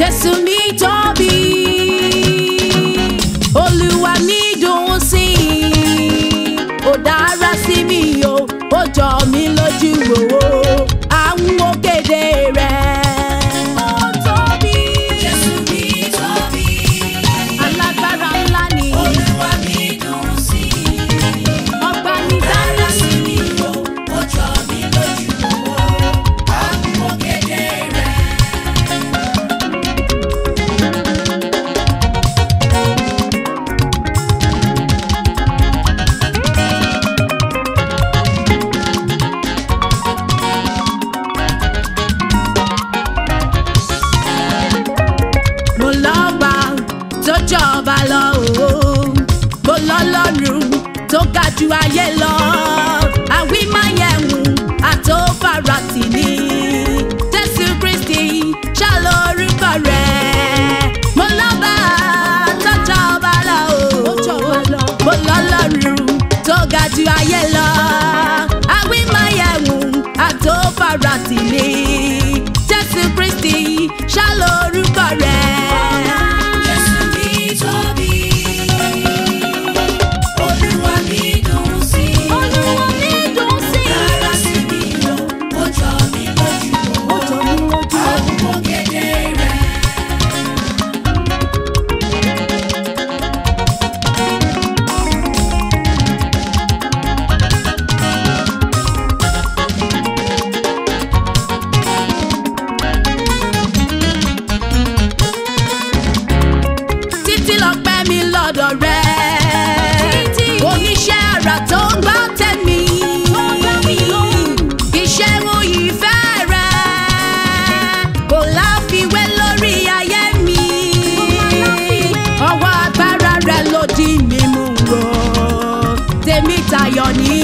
Just to meet all ju ayé lọ àwímáyẹ̀wù àtòfarasì ni Jésù Kristi ṣàlórúkọ rẹ̀. ga ju ayé lọ. Àwímáyẹ̀wù àtòfarasì ni Jésù Kristi ṣá lórúkọ rẹ̀.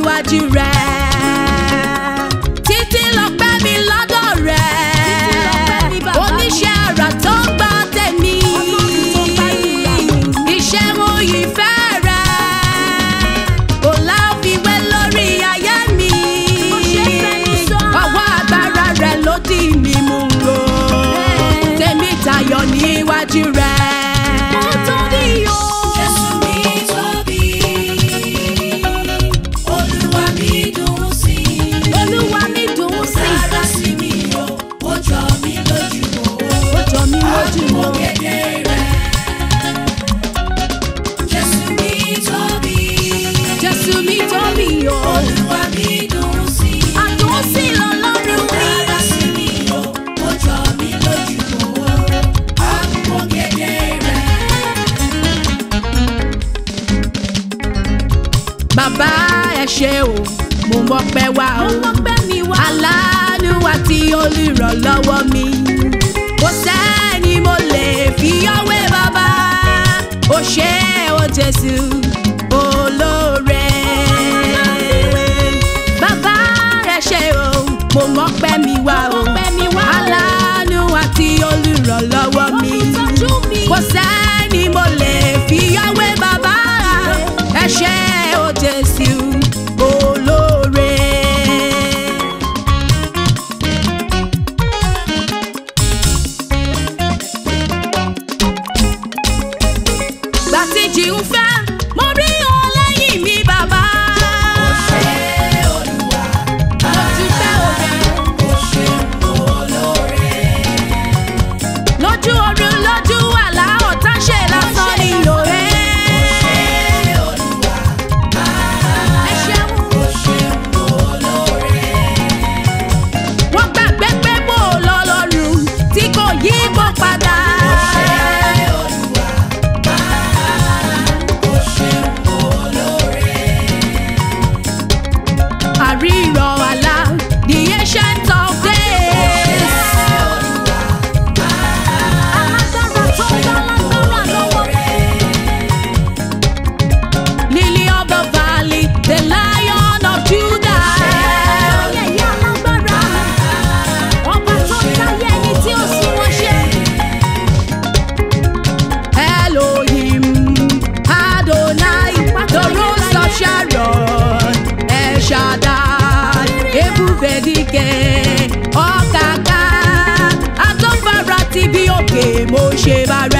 níwájú rẹ títí lọ́pẹ́ mi lọ́dọ̀ rẹ oníṣẹ́ ara tó ń gbà tèmi iṣẹ́ mo yìí fẹ́ rẹ kò láfiwé lórí ayé mi ọwọ́ agbára rẹ ló dì mí mú ro tèmi tayọ̀ níwájú rẹ. ṣe o mo mọpẹ́ wá o aláàánú àti olùrànlọ́wọ́ mi kò sẹ́ni mo lè fi ọwé bàbá o ṣe o Jésù olóore bàbá rẹ ṣe o mo mọpẹ́ mi wa. o. shave I